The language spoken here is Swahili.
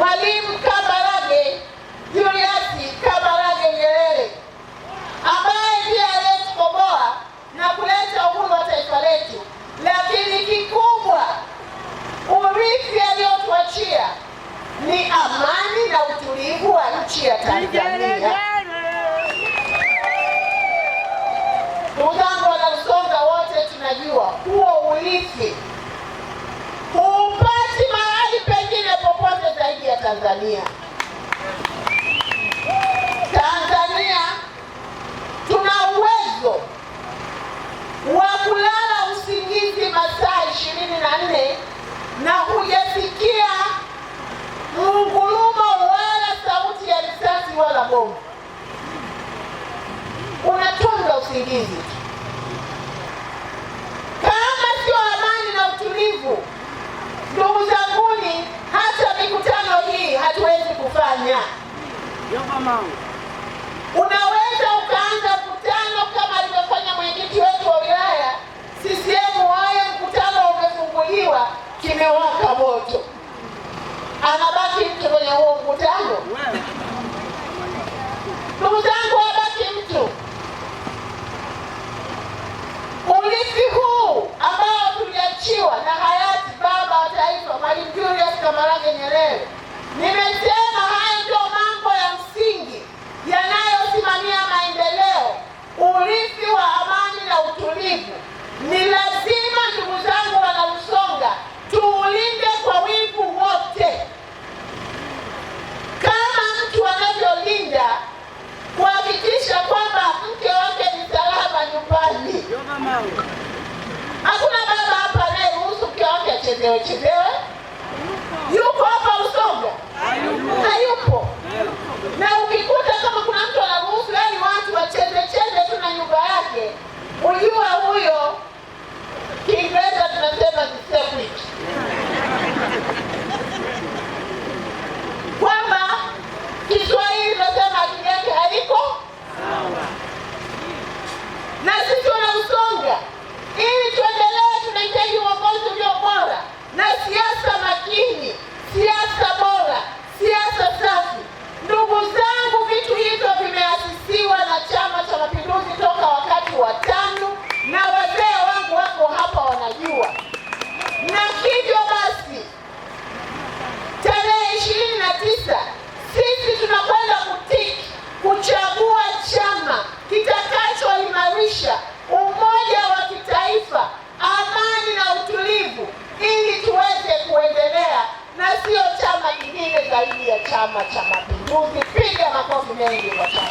Mwalimu Kabarage Julius Kabarage Nyerere ambaye ndiye aliyetukomboa na kuleta uhuru wa taifa letu, lakini kikubwa urithi aliyotuachia ni amani na utulivu wa nchi ya Tanzania. Ndugu zangu Wanausonga wote tunajua huo urithi Tanzania. Tanzania tuna uwezo wa kulala usingizi masaa ishirini na nne na hujasikia mgurumo wala sauti ya risasi wala bomu, unatunga usingizi mangu una mwanangu. Hakuna baba hapa anayeruhusu mke wake achezewe chezewe. Yupo hapa Usoga? Hayupo. Na ukikuta kama kuna mtu anaruhusu yani watu wacheze cheze tu na nyumba yake, ujua huyo, Kiingereza tunasema kwamba Kiswahili tunasema akili yake haiko na depois meu amor, na ciência Chama cha Mapinduzi. Piga makofi mengi kwa chama